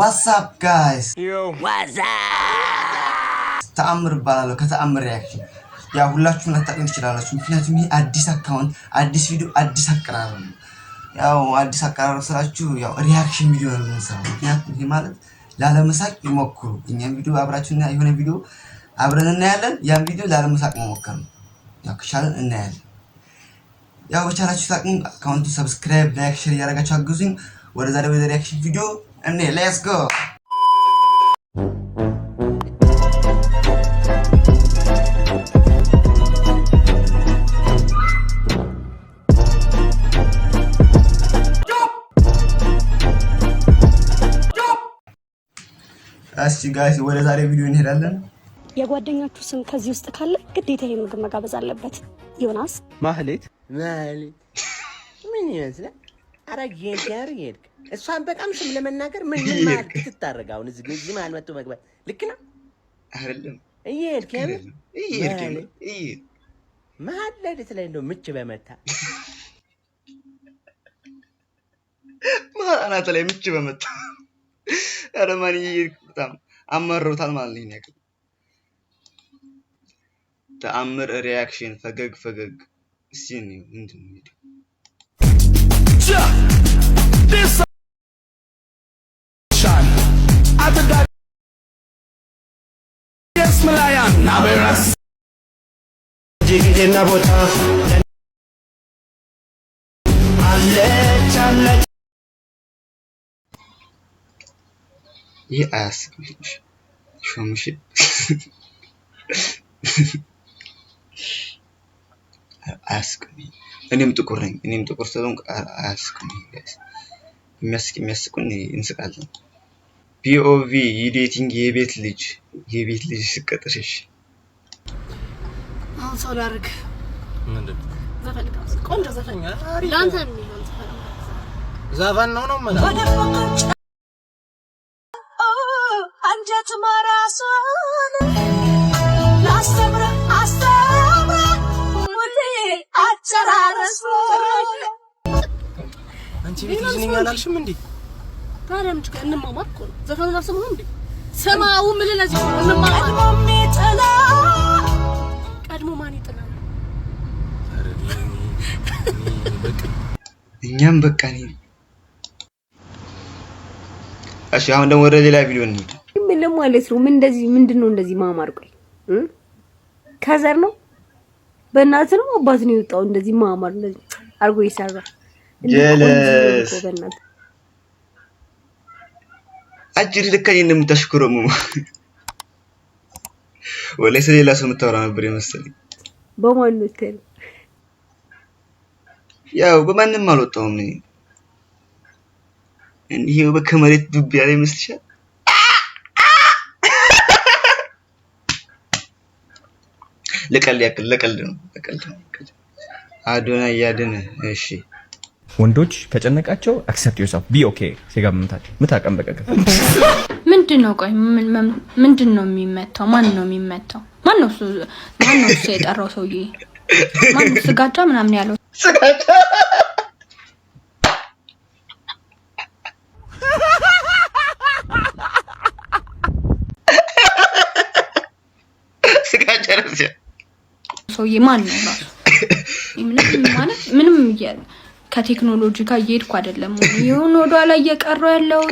ዋትስ አፕ ጋይስ ተአምር እባላለሁ። ከተአምር ሪያክሽን ያ ሁላችሁም ላታውቁኝ ትችላላችሁ። ምክንያቱም ይህ አዲስ አካውንት፣ አዲስ ቪዲዮ፣ አዲስ አቀራረብ ነው። ያው አዲስ አቀራረብ ስላችሁ ያው ሪያክሽን ቪዲዮ ነው የምንሰራው። ምክንያቱም ይህ ማለት ላለመሳቅ ይሞክሩ። እኛም ቪዲዮ አብራችሁና የሆነ ቪዲዮ አብረን እናያለን። ያን ቪዲዮ ላለመሳቅ መሞከር ነው። ያው ከቻለን እናያለን። ያው በቻላችሁ ታቅም አካውንቱ ሰብስክራይብ፣ ላይክ፣ ሼር እያደረጋችሁ አግዙኝ። ወደ ዛሬ ወደ ሪያክሽን ቪዲዮ અને let's go እሺ ጋይስ ወደ ዛሬ ቪዲዮ እንሄዳለን። የጓደኛችሁ ስም ከዚህ ውስጥ ካለ ግዴታ ይሄ ምግብ መጋበዝ አለበት። ዮናስ፣ ማህሌት፣ ማህሌት ምን ይመስላል? ኧረ እየሄድክ ኧረ እሷን በጣም ስም ለመናገር ምን ምን ማለት ትታረግ? አሁን እዚህ እዚህ መሀል መጥቶ መግባት ልክ ነው አይደለም? እየሄድክ መሀል ሌሊት ላይ እንደው ምች በመታ መሀል አናተ ላይ ምች በመታ ኧረ ማን እየሄድክ በጣም አመረውታል ማለት ነው ያክል ተአምር ሪያክሽን ፈገግ ፈገግ እስኪ እንትን This shine. I did that. Yes, Malayan. Naberas. Jiginabuta. He asked from ship. ask me. እኔም ጥቁር ነኝ። እኔም ጥቁር ስለሆንኩ አያስቁም። የሚያስቅ የሚያስቁን እንስቃለን። ፒኦቪ የዴቲንግ የቤት ልጅ የቤት ልጅ ስቀጥርሽ አሁን ሰው ላድርግ ነው ቆንጆ ዘፈን ለአንተ ነው ነው አንቺ ቤት ልጅ ነኝ አላልሽም እንዴ? ታዲያ ምን ችግር? እንማማር እኮ ነው። ዘፈኑን አልሰማሁም እንዴ? ሰማው ምን ለዚህ እንማማር። ቀድሞ ማን ይጥላል? እኛም በቃ እኔ እሺ፣ አሁን ደግሞ ወደ ሌላ ቪዲዮ እንሂድ። ምን ለማለት ነው? ምን እንደዚህ ምንድን ነው እንደዚህ ማማር? ቆይ ከዘር ነው በእናት ነው አባት ነው የወጣው እንደዚህ ማማር እንደዚህ አርጎ ይሰራል። ጀለስ አጅሪ ልካ እኔን የምታሽኮረሙ ወላሂ ስለሌላ ሰው የምታወራ ነበር የመሰለኝ። በማን ወተን ያው በማንም አልወጣውም። ነኝ እንዲህ ከመሬት ዱብ ያለ ይመስልሻል? ለቀልድ ያክል ለቀልድ ነው። ለቀልድ አዶና እያድን እሺ ወንዶች ከጨነቃቸው አክሰፕት ዩርሰልፍ ቢ ኦኬ ሴጋ መምታቸው ምታቀም በቀቀ ምንድን ነው? ቆይ ምንድን ነው የሚመታው? ማን ነው የሚመታው? ማን ነው እሱ የጠራው ሰውዬ? ማን ነው ስጋጃ ምናምን ያለው ስጋጃ ሰውዬ ማን ነው ራሱ? ምንም ማለት ምንም ከቴክኖሎጂ ጋር እየሄድኩ አይደለም። ይሁን ወደኋላ እየቀሩ ያለው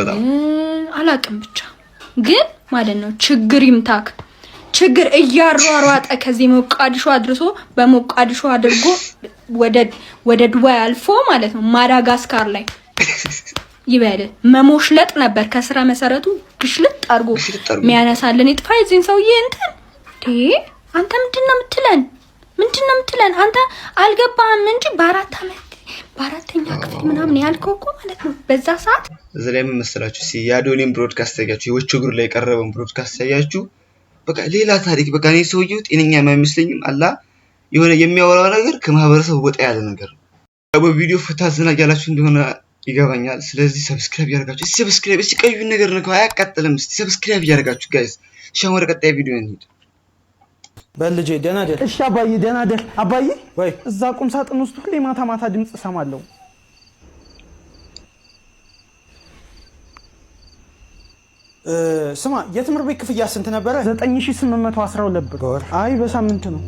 በጣም አላቅም። ብቻ ግን ማለት ነው ችግር ይምታክ ችግር እያሯሯጠ ከዚህ ሞቃዲሾ አድርሶ በሞቃዲሾ አድርጎ ወደ ዱባይ አልፎ ማለት ነው ማዳጋስካር ላይ ይበል መሞሽለጥ ነበር። ከስራ መሰረቱ ግሽልጥ አድርጎ የሚያነሳልን ይጥፋ። የዚህን ሰውዬ እንትን አንተ ምንድን ነው የምትለን? ምንድን ነው የምትለን? አንተ አልገባህም እንጂ በአራት አመት በአራተኛ ክፍል ምናምን ያልከው እኮ ማለት ነው። በዛ ሰዓት እዚ ላይ ምን መሰላችሁ የአዶሌን ብሮድካስት ያያችሁ፣ የወች እግር ላይ የቀረበውን ብሮድካስት ያያችሁ፣ በቃ ሌላ ታሪክ በቃ እኔ ሰውየው ጤነኛ የማይመስለኝም አላ የሆነ የሚያወራው ነገር ከማህበረሰብ ወጣ ያለ ነገር በቪዲዮ ፍታ ዝና ያላችሁ እንደሆነ ይገባኛል። ስለዚህ ሰብስክራይብ ያደርጋችሁ፣ ሰብስክራይብ እስኪ ቀዩን ነገር ነው አያቃጥልም። እስኪ ሰብስክራይብ ያደርጋችሁ ጋይስ። ሻወር ቀጣይ ቪዲዮ እንሂድ። በልጄ ደህና ደር። እሺ አባዬ ደህና ደር። አባዬ ወይ እዛ ቁም ሳጥን ውስጥ ሁሌ ማታ ማታ ድምፅ እሰማለሁ። ስማ የትምህርት ቤት ክፍያ ስንት ነበረ? 9812 ብር። አይ በሳምንት ነው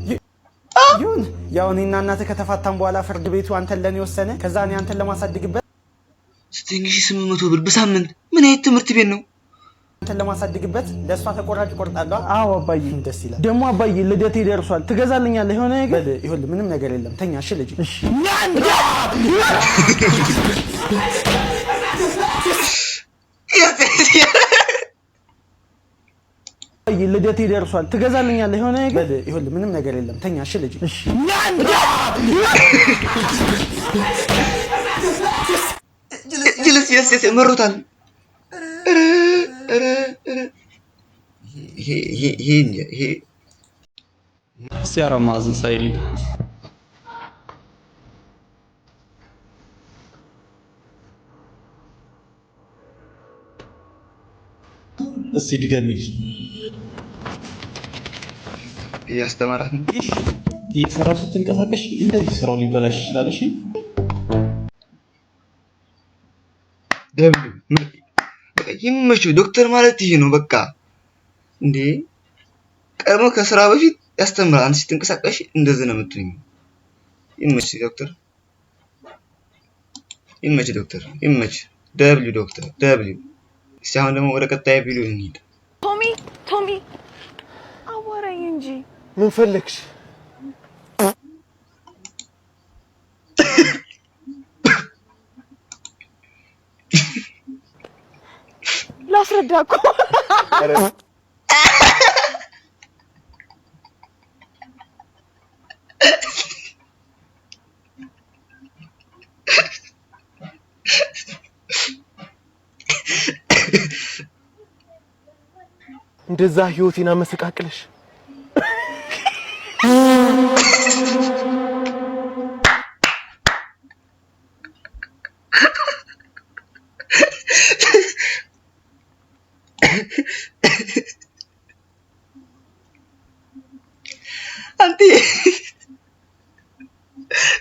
ይሁን። ያው እኔና እናትህ ከተፋታን በኋላ ፍርድ ቤቱ አንተን ለኔ ወሰነ። ከዛ እኔ አንተን ለማሳድግበት 9800 ብር በሳምንት። ምን አይነት ትምህርት ቤት ነው? አንተን ለማሳደግበት ለእሷ ተቆራጭ እቆርጣለሁ። አዎ አባዬ፣ ደስ ይላል። ደግሞ አባዬ ልደቴ ደርሷል፣ ትገዛልኛለህ የሆነ ነገር? ይኸውልህ ምንም ነገር የለም፣ ተኛ። እሺ ልጅ ልደቴ ደርሷል፣ ትገዛልኛለህ የሆነ ነገር? ይኸውልህ ምንም ነገር የለም፣ ተኛ። እሺ ልጅ ጅልስ መሮታል። ሲያራ ማዝን ሳይል እስቲ ድገሚ። እያስተማራት ነው እየሰራች ስትንቀሳቀሽ እንደዚህ ስራው ሊበላሽ ይችላል። እሺ ይመቹ። ዶክተር ማለት ይሄ ነው በቃ። እንዴ ቀድሞ ከስራ በፊት ያስተምራል። አንቺ ስትንቀሳቀሽ እንደዚህ ነው የምትሆኝ። ይመች ዶክተር፣ ይመች ዶክተር፣ ይመች ደብሊው ዶክተር ደብሊው። እስቲ አሁን ደግሞ ወደ ቀጣይ ቪዲዮ እንሂድ። ቶሚ ቶሚ፣ አወራኝ እንጂ ምን ፈለግሽ? ላስረዳ እኮ እንደዛ ህይወቴን አመሰቃቅለሽ Santi!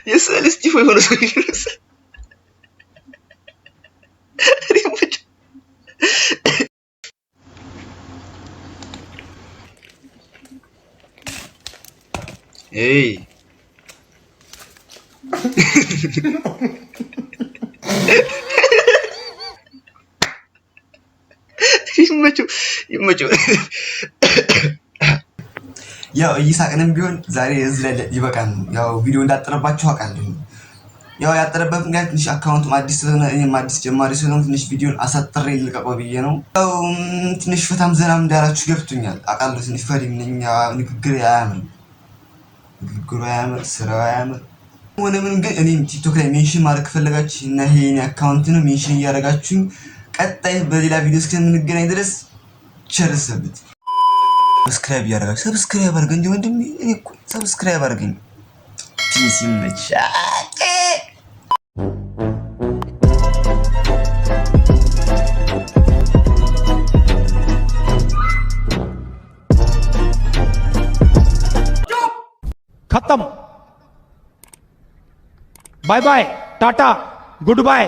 Yes, el fue con los oídos, ¡Ey! un y un macho. ያው እይሳቅንም ቢሆን ዛሬ እዚህ ላይ ይበቃል። ያው ቪዲዮ እንዳጠረባችሁ አውቃለሁ። ያው ያጠረበት ምክንያት ትንሽ አካውንቱም አዲስ ስለሆነ እኔም አዲስ ጀማሪ ስለሆነ ትንሽ ቪዲዮን አሳጥሬ ልቀቀው ብዬ ነው። ያው ትንሽ ፈታም ዘናም እንዳላችሁ ገብቶኛል አውቃለሁ። ትንሽ ፈሪ ምንኛ ንግግር አያምር፣ ንግግሩ አያምር፣ ስራው አያምር። ሆነ ምን ግን እኔም ቲክቶክ ላይ ሜንሽን ማድረግ ከፈለጋችሁ እና ይሄ እኔ አካውንት ነው ሜንሽን እያደረጋችሁኝ ቀጣይ በሌላ ቪዲዮ እስከምንገናኝ ድረስ ቸር ሰንብቱ። ሰብስክራይብ እያደረጋችሁ ሰብስክራይብ አድርገኝ እንዲ ወንድም ሰብስክራይብ አድርገኝ። ፒስ ይመቻል። खत्म bye bye tata good bye